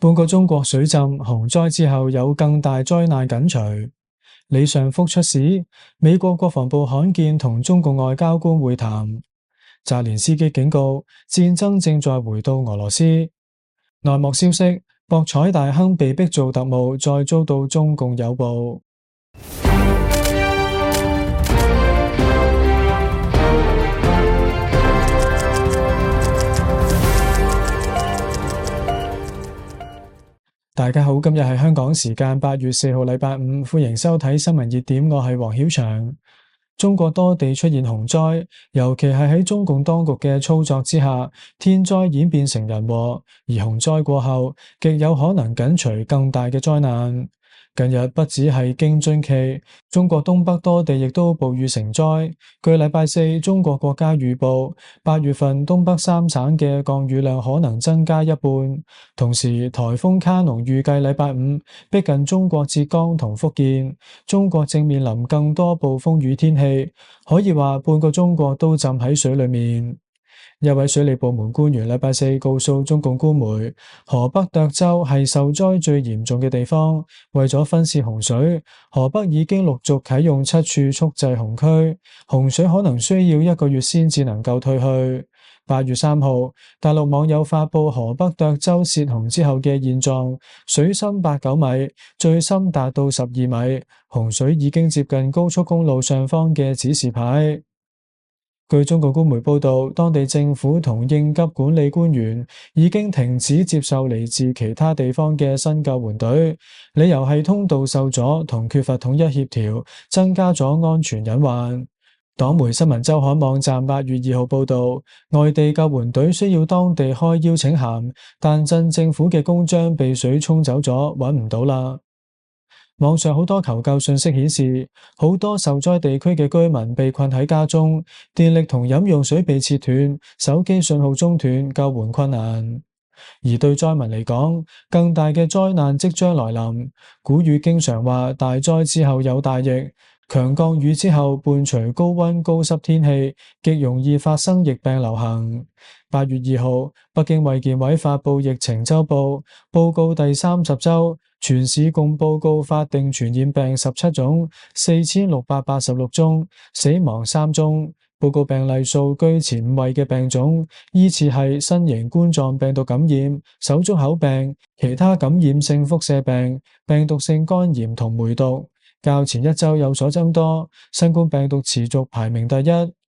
半個中國水浸，洪災之後有更大災難緊隨。李尚福出事，美國國防部罕見同中共外交官會談。澤連斯基警告，戰爭正在回到俄羅斯。內幕消息，博彩大亨被逼做特務，再遭到中共誘捕。大家好，今日係香港時間八月四號，禮拜五，歡迎收睇新聞熱點。我係黃曉翔。中國多地出現洪災，尤其係喺中共當局嘅操作之下，天災演變成人禍，而洪災過後，極有可能緊隨更大嘅災難。近日不止係京津冀，中國東北多地亦都暴雨成災。據禮拜四中國國家預報，八月份東北三省嘅降雨量可能增加一半。同時，颱風卡努預計禮拜五逼近中國浙江同福建。中國正面臨更多暴風雨天氣，可以話半個中國都浸喺水裡面。一位水利部門官員禮拜四告訴中共官媒，河北涿州係受災最嚴重嘅地方。為咗分泄洪水，河北已經陸續啟用七處蓄滯洪區，洪水可能需要一個月先至能夠退去。八月三號，大陸網友發布河北涿州泄洪之後嘅現狀，水深八九米，最深達到十二米，洪水已經接近高速公路上方嘅指示牌。據中國官媒報道，當地政府同應急管理官員已經停止接受嚟自其他地方嘅新救援隊，理由係通道受阻同缺乏統一協調，增加咗安全隱患。黨媒新聞周刊網站八月二號報道，外地救援隊需要當地開邀請函，但鎮政府嘅公章被水沖走咗，揾唔到啦。網上好多求救信息顯示，好多受災地區嘅居民被困喺家中，電力同飲用水被切斷，手機信號中斷，救援困難。而對災民嚟講，更大嘅災難即將來臨。古語經常話大災之後有大疫，強降雨之後伴隨高温高濕天氣，極容易發生疫病流行。八月二號，北京衛健委發布疫情周報，報告第三十周。全市共報告法定傳染病十七種，四千六百八十六宗，死亡三宗。報告病例數居前五位嘅病種依次係新型冠狀病毒感染、手足口病、其他感染性腹瀉病、病毒性肝炎同梅毒。較前一週有所增多，新冠病毒持續排名第一。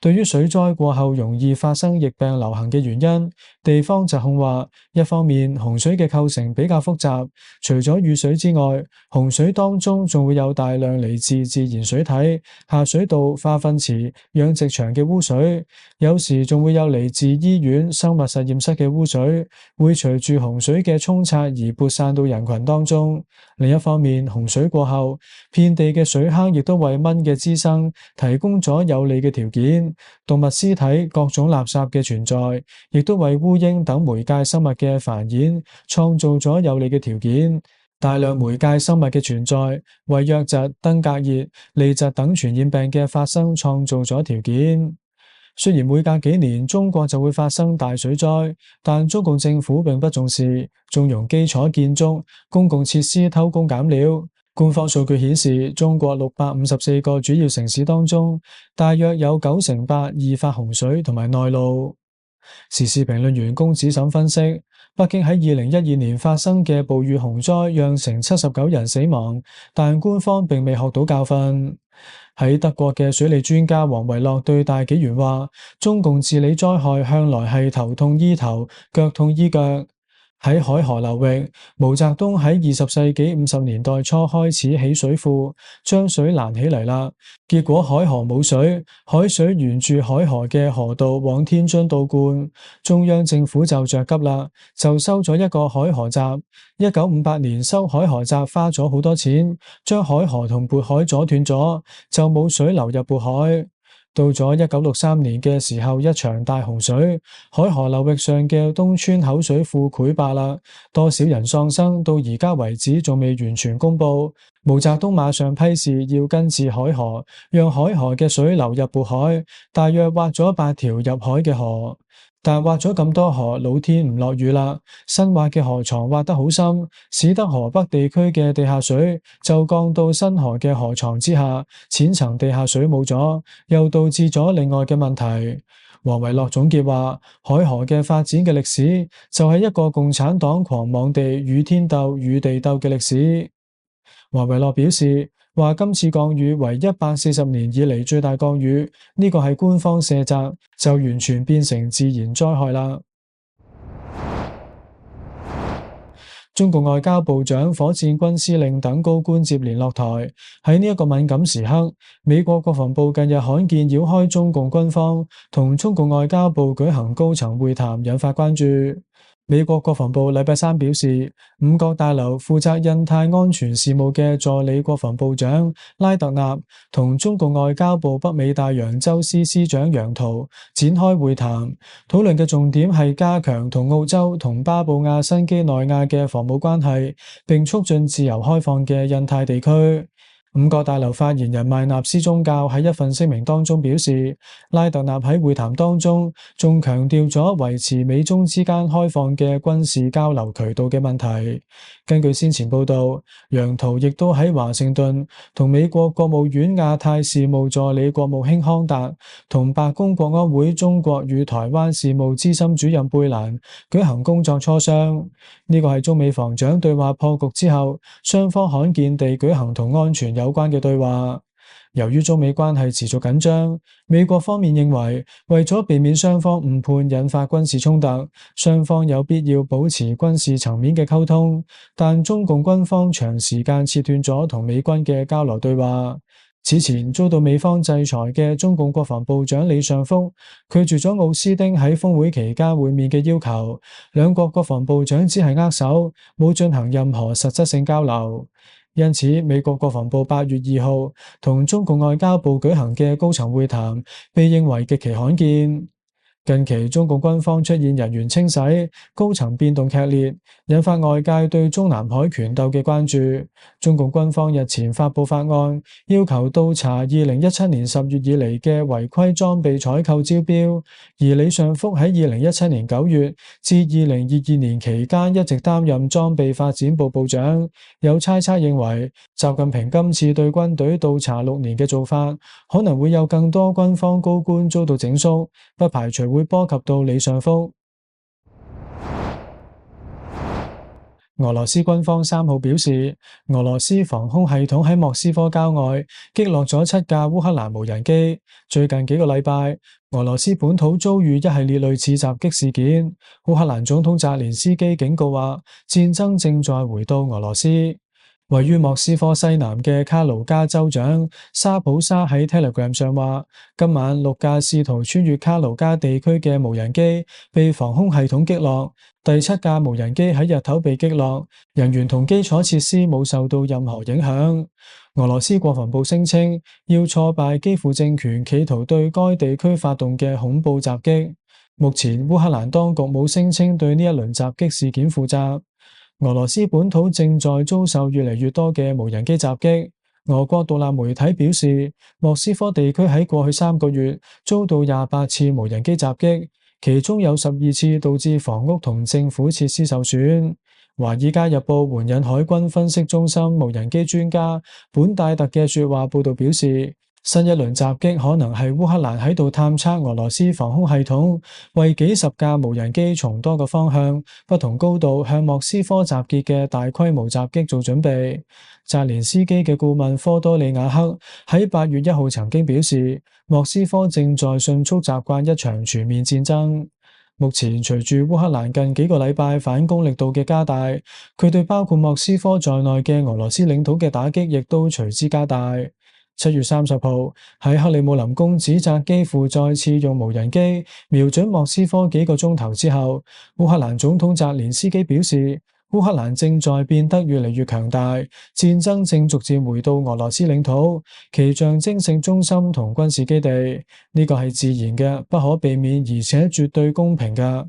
對於水災過後容易發生疫病流行嘅原因，地方疾控話，一方面洪水嘅構成比較複雜，除咗雨水之外，洪水當中仲會有大量嚟自自然水體、下水道、化糞池、養殖場嘅污水，有時仲會有嚟自醫院、生物實驗室嘅污水，會隨住洪水嘅沖刷而播散到人群當中。另一方面，洪水過後，遍地嘅水坑亦都為蚊嘅滋生提供咗有利嘅條件。動物屍體、各種垃圾嘅存在，亦都為烏蠅等媒介生物嘅繁衍創造咗有利嘅條件。大量媒介生物嘅存在，為瘧疾、登革熱、痢疾等傳染病嘅發生創造咗條件。雖然每隔幾年中國就會發生大水災，但中共政府並不重視，縱容基礎建築、公共設施偷工減料。官方數據顯示，中國六百五十四個主要城市當中，大約有九成八易發洪水同埋內澇。時事評論員公子沈分析，北京喺二零一二年發生嘅暴雨洪災，讓成七十九人死亡，但官方並未學到教訓。喺德國嘅水利專家王維洛對大紀元話：中共治理災害向來係頭痛醫頭，腳痛醫腳。喺海河流域，毛澤東喺二十世紀五十年代初開始起水庫，將水攔起嚟啦。結果海河冇水，海水沿住海河嘅河道往天津倒灌，中央政府就着急啦，就修咗一個海河閘。一九五八年修海河閘花咗好多錢，將海河同渤海阻斷咗，就冇水流入渤海。到咗一九六三年嘅時候，一場大洪水，海河流域上嘅東川口水庫潰壩啦，多少人喪生，到而家為止仲未完全公布。毛澤東馬上批示要根治海河，讓海河嘅水流入渤海，大約挖咗八條入海嘅河。但挖咗咁多河，老天唔落雨啦，新挖嘅河床挖得好深，使得河北地區嘅地下水就降到新河嘅河床之下，淺層地下水冇咗，又導致咗另外嘅問題。王維洛總結話，海河嘅發展嘅歷史就係一個共產黨狂妄地與天鬥與地鬥嘅歷史。王維洛表示，話今次降雨為一百四十年以嚟最大降雨，呢個係官方卸責，就完全變成自然災害啦。中共外交部長、火箭軍司令等高官接連落台。喺呢一個敏感時刻，美國國防部近日罕見繞開中共軍方，同中共外交部舉行高層會談，引發關注。美國國防部禮拜三表示，五角大樓負責印太安全事務嘅助理國防部長拉特納同中國外交部北美大洋洲司司長楊濤展開會談，討論嘅重點係加強同澳洲同巴布亞新幾內亞嘅防務關係，並促進自由開放嘅印太地區。五角大樓發言人邁納斯宗教喺一份聲明當中表示，拉特納喺會談當中仲強調咗維持美中之間開放嘅軍事交流渠道嘅問題。根據先前報道，楊濤亦都喺華盛頓同美國國務院亞太事務助理國務卿康達同白宮國安會中國與台灣事務資深主任貝蘭舉行工作磋商。呢個係中美防長對話破局之後，雙方罕見地舉行同安全。有關嘅對話，由於中美關係持續緊張，美國方面認為為咗避免雙方誤判引發軍事衝突，雙方有必要保持軍事層面嘅溝通。但中共軍方長時間切斷咗同美軍嘅交流對話。此前遭到美方制裁嘅中共國防部長李尚福，拒絕咗奧斯丁喺峰會期間會面嘅要求。兩國國防部長只係握手，冇進行任何實質性交流。因此，美國國防部八月二號同中共外交部舉行嘅高層會談，被認為極其罕見。近期中共軍方出現人員清洗、高層變動劇烈，引發外界對中南海權鬥嘅關注。中共軍方日前發布法案，要求倒查二零一七年十月以嚟嘅違規裝備採購招標。而李尚福喺二零一七年九月至二零二二年期間一直擔任裝備發展部部長。有猜測認為，習近平今次對軍隊倒查六年嘅做法，可能會有更多軍方高官遭到整肅，不排除會。會波及到李尚福。俄羅斯軍方三號表示，俄羅斯防空系統喺莫斯科郊外擊落咗七架烏克蘭無人機。最近幾個禮拜，俄羅斯本土遭遇一系列類似襲擊事件。烏克蘭總統澤連斯基警告話，戰爭正在回到俄羅斯。位於莫斯科西南嘅卡盧加州長沙普沙喺 Telegram 上話：今晚六架試圖穿越卡盧加地區嘅無人機被防空系統擊落，第七架無人機喺日頭被擊落，人員同基礎設施冇受到任何影響。俄羅斯國防部聲稱要挫敗基輔政權企圖對該地區發動嘅恐怖襲擊。目前烏克蘭當局冇聲稱對呢一輪襲擊事件負責。俄羅斯本土正在遭受越嚟越多嘅無人機襲擊。俄國獨立媒體表示，莫斯科地區喺過去三個月遭到廿八次無人機襲擊，其中有十二次導致房屋同政府設施受損。華爾街日報援引海軍分析中心無人機專家本戴特嘅說話報道表示。新一輪襲擊可能係烏克蘭喺度探測俄羅斯防空系統，為幾十架無人機從多個方向、不同高度向莫斯科集結嘅大規模襲擊做準備。澤連斯基嘅顧問科多利亞克喺八月一號曾經表示，莫斯科正在迅速習慣一場全面戰爭。目前隨住烏克蘭近幾個禮拜反攻力度嘅加大，佢對包括莫斯科在內嘅俄羅斯領土嘅打擊亦都隨之加大。七月三十號，喺克里姆林宮指責基輔再次用無人機瞄準莫斯科幾個鐘頭之後，烏克蘭總統澤連斯基表示：烏克蘭正在變得越嚟越強大，戰爭正逐漸回到俄羅斯領土，其象徵性中心同軍事基地，呢個係自然嘅，不可避免而且絕對公平嘅。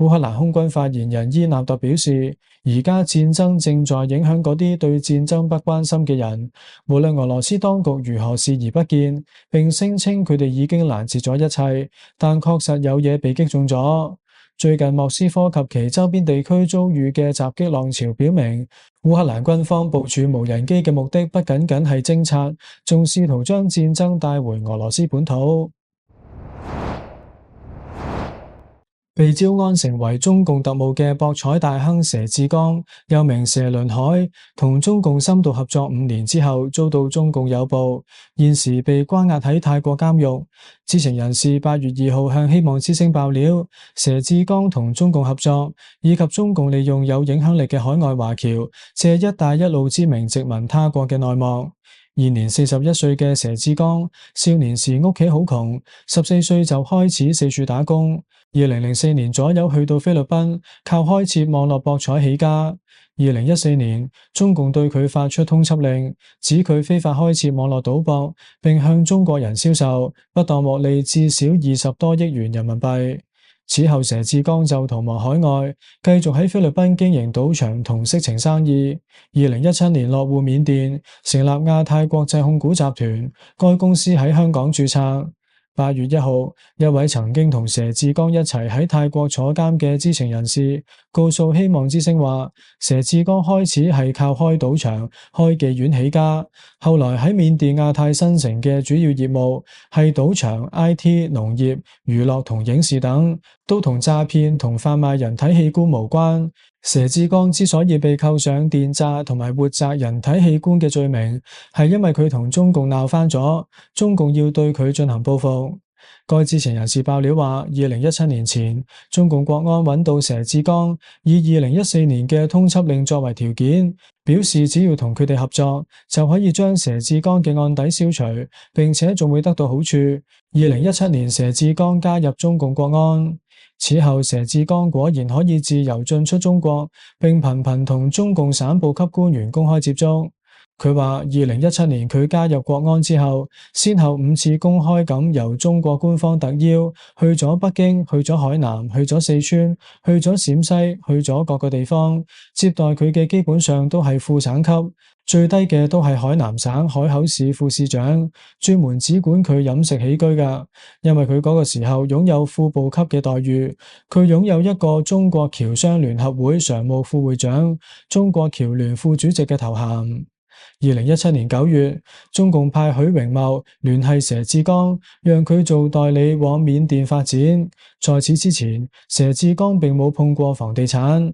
烏克蘭空軍發言人伊納特表示，而家戰爭正在影響嗰啲對戰爭不關心嘅人。無論俄羅斯當局如何視而不見，並聲稱佢哋已經攔截咗一切，但確實有嘢被擊中咗。最近莫斯科及其周邊地區遭遇嘅襲擊浪潮表明，烏克蘭軍方部署無人機嘅目的不僅僅係偵察，仲試圖將戰爭帶回俄羅斯本土。被招安成為中共特務嘅博彩大亨佘志剛，又名佘倫海，同中共深度合作五年之後，遭到中共有報，現時被關押喺泰國監獄。知情人士八月二號向希望之聲爆料，佘志剛同中共合作，以及中共利用有影響力嘅海外華僑借“一帶一路”之名殖民他國嘅內幕。現年四十一歲嘅佘志剛，少年時屋企好窮，十四歲就開始四處打工。二零零四年左右去到菲律賓，靠開設網絡博彩起家。二零一四年，中共對佢發出通緝令，指佢非法開設網絡賭博，並向中國人銷售，不當獲利至少二十多億元人民幣。此後，佘智江就逃亡海外，繼續喺菲律賓經營賭場同色情生意。二零一七年落戶緬甸，成立亞太國際控股集團，該公司喺香港注冊。八月一號，一位曾經同佘智江一齊喺泰國坐監嘅知情人士，告訴希望之聲話：佘智江開始係靠開賭場、開妓院起家，後來喺緬甸亞太新城嘅主要業務係賭場、IT、農業、娛樂同影視等，都同詐騙同販賣人體器官無關。佘智江之所以被扣上電詐同埋活摘人體器官嘅罪名，係因為佢同中共鬧翻咗，中共要對佢進行報復。該知情人士爆料話，二零一七年前，中共國安搵到佘智江，以二零一四年嘅通緝令作為條件，表示只要同佢哋合作，就可以將佘智江嘅案底消除，並且仲會得到好處。二零一七年，佘智江加入中共國安。此後，佘志剛果然可以自由進出中國，並頻頻同中共省部級官員公開接觸。佢話：二零一七年佢加入國安之後，先後五次公開咁由中國官方特邀去咗北京、去咗海南、去咗四川、去咗陝西、去咗各個地方接待佢嘅，基本上都係副省級，最低嘅都係海南省海口市副市長，專門只管佢飲食起居嘅，因為佢嗰個時候擁有副部級嘅待遇，佢擁有一個中國僑商聯合會常務副會長、中國僑聯副主席嘅頭銜。二零一七年九月，中共派許榮茂聯繫佘智江，讓佢做代理往緬甸發展。在此之前，佘智江並冇碰過房地產。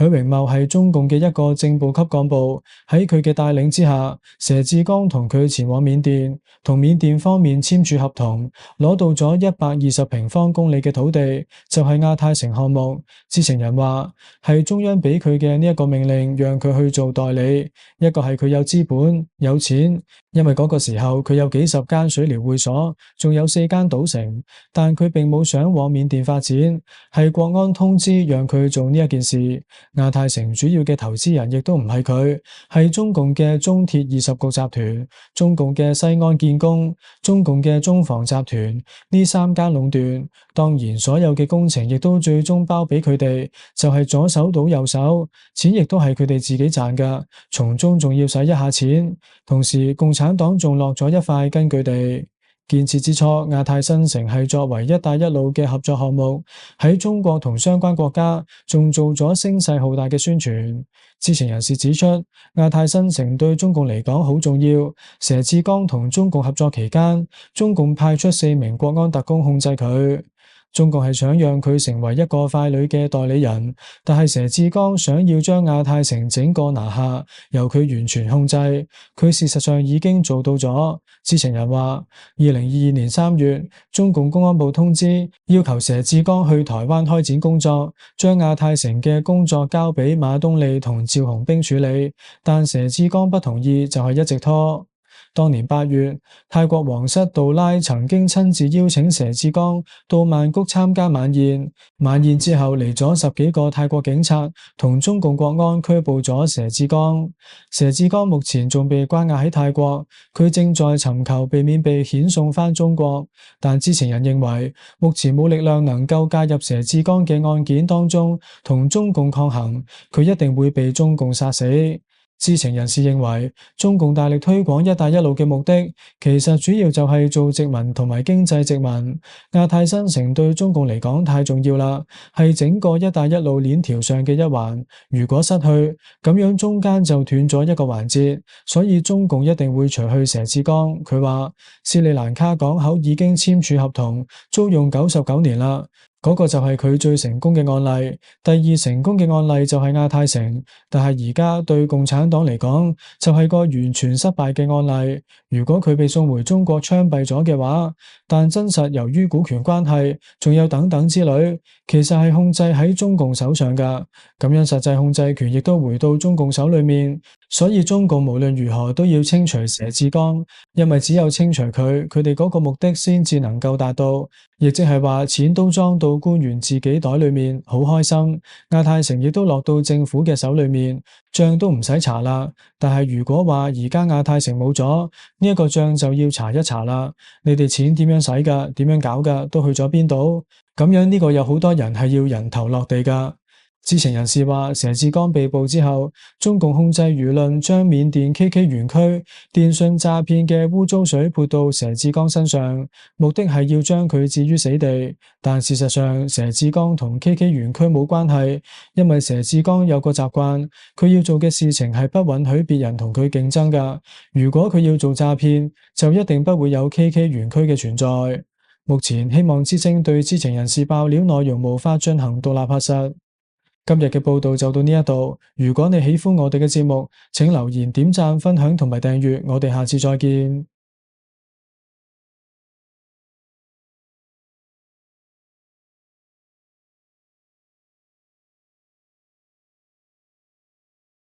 許榮茂係中共嘅一個正部級幹部，喺佢嘅帶領之下，佘志剛同佢前往緬甸，同緬甸方面簽署合同，攞到咗一百二十平方公里嘅土地，就係、是、亞太城項目。知情人話，係中央俾佢嘅呢一個命令，讓佢去做代理。一個係佢有資本、有錢，因為嗰個時候佢有幾十間水療會所，仲有四間賭城。但佢並冇想往緬甸發展，係國安通知讓佢做呢一件事。亞太城主要嘅投資人亦都唔係佢，係中共嘅中鐵二十局集團、中共嘅西安建工、中共嘅中房集團呢三間壟斷，當然所有嘅工程亦都最終包俾佢哋，就係左手倒右手，錢亦都係佢哋自己賺噶，從中仲要使一下錢，同時共產黨仲落咗一塊根據地。建設之初，亞太新城係作為「一帶一路」嘅合作項目，喺中國同相關國家仲做咗聲勢浩大嘅宣傳。知情人士指出，亞太新城對中共嚟講好重要。佘智江同中共合作期間，中共派出四名國安特工控制佢。中共係想讓佢成為一個傀儡嘅代理人，但係佘智江想要將亞太城整個拿下，由佢完全控制。佢事實上已經做到咗。知情人話，二零二二年三月，中共公安部通知要求佘智江去台灣開展工作，將亞太城嘅工作交俾馬東利同趙洪兵處理，但佘智江不同意，就係一直拖。當年八月，泰國皇室杜拉曾經親自邀請佘智江到曼谷參加晚宴。晚宴之後嚟咗十幾個泰國警察同中共國安拘捕咗佘智江。佘智江目前仲被關押喺泰國，佢正在尋求避免被遣送翻中國。但知情人認為，目前冇力量能夠介入佘智江嘅案件當中同中共抗衡，佢一定會被中共殺死。知情人士認為，中共大力推廣“一帶一路”嘅目的，其實主要就係做殖民同埋經濟殖民。亞太新城對中共嚟講太重要啦，係整個“一帶一路”鏈條上嘅一環。如果失去，咁樣中間就斷咗一個環節，所以中共一定會除去佘志剛。佢話斯里蘭卡港口已經簽署合同，租用九十九年啦。嗰個就係佢最成功嘅案例，第二成功嘅案例就係亞太城，但係而家對共產黨嚟講就係、是、個完全失敗嘅案例。如果佢被送回中國槍斃咗嘅話，但真實由於股權關係，仲有等等之類，其實係控制喺中共手上噶，咁樣實際控制權亦都回到中共手裏面，所以中共無論如何都要清除佘智江。因為只有清除佢，佢哋嗰個目的先至能夠達到，亦即係話，錢都裝到官員自己袋裏面，好開心。亞太城亦都落到政府嘅手裏面，賬都唔使查啦。但係如果話而家亞太城冇咗呢一個賬就要查一查啦，你哋錢點樣使噶？點樣搞噶？都去咗邊度？咁樣呢個有好多人係要人頭落地噶。知情人士話，佘智江被捕之後，中共控制輿論，將緬甸 KK 園區電信詐騙嘅污糟水潑到佘智江身上，目的係要將佢置於死地。但事實上，佘智江同 KK 園區冇關係，因為佘智江有個習慣，佢要做嘅事情係不允許別人同佢競爭噶。如果佢要做詐騙，就一定不會有 KK 園區嘅存在。目前，希望之聲對知情人士爆料內容無法進行獨立核實。今日嘅報道就到呢一度。如果你喜歡我哋嘅節目，請留言、點讚、分享同埋訂閱。我哋下次再見。